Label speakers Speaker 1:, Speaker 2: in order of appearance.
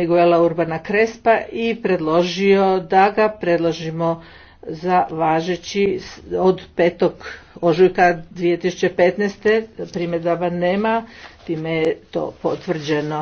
Speaker 1: Miguela Urbana Krespa i predložio da ga predložimo za važeći od petog ožujka 2015. primjedaba nema, time je to potvrđeno.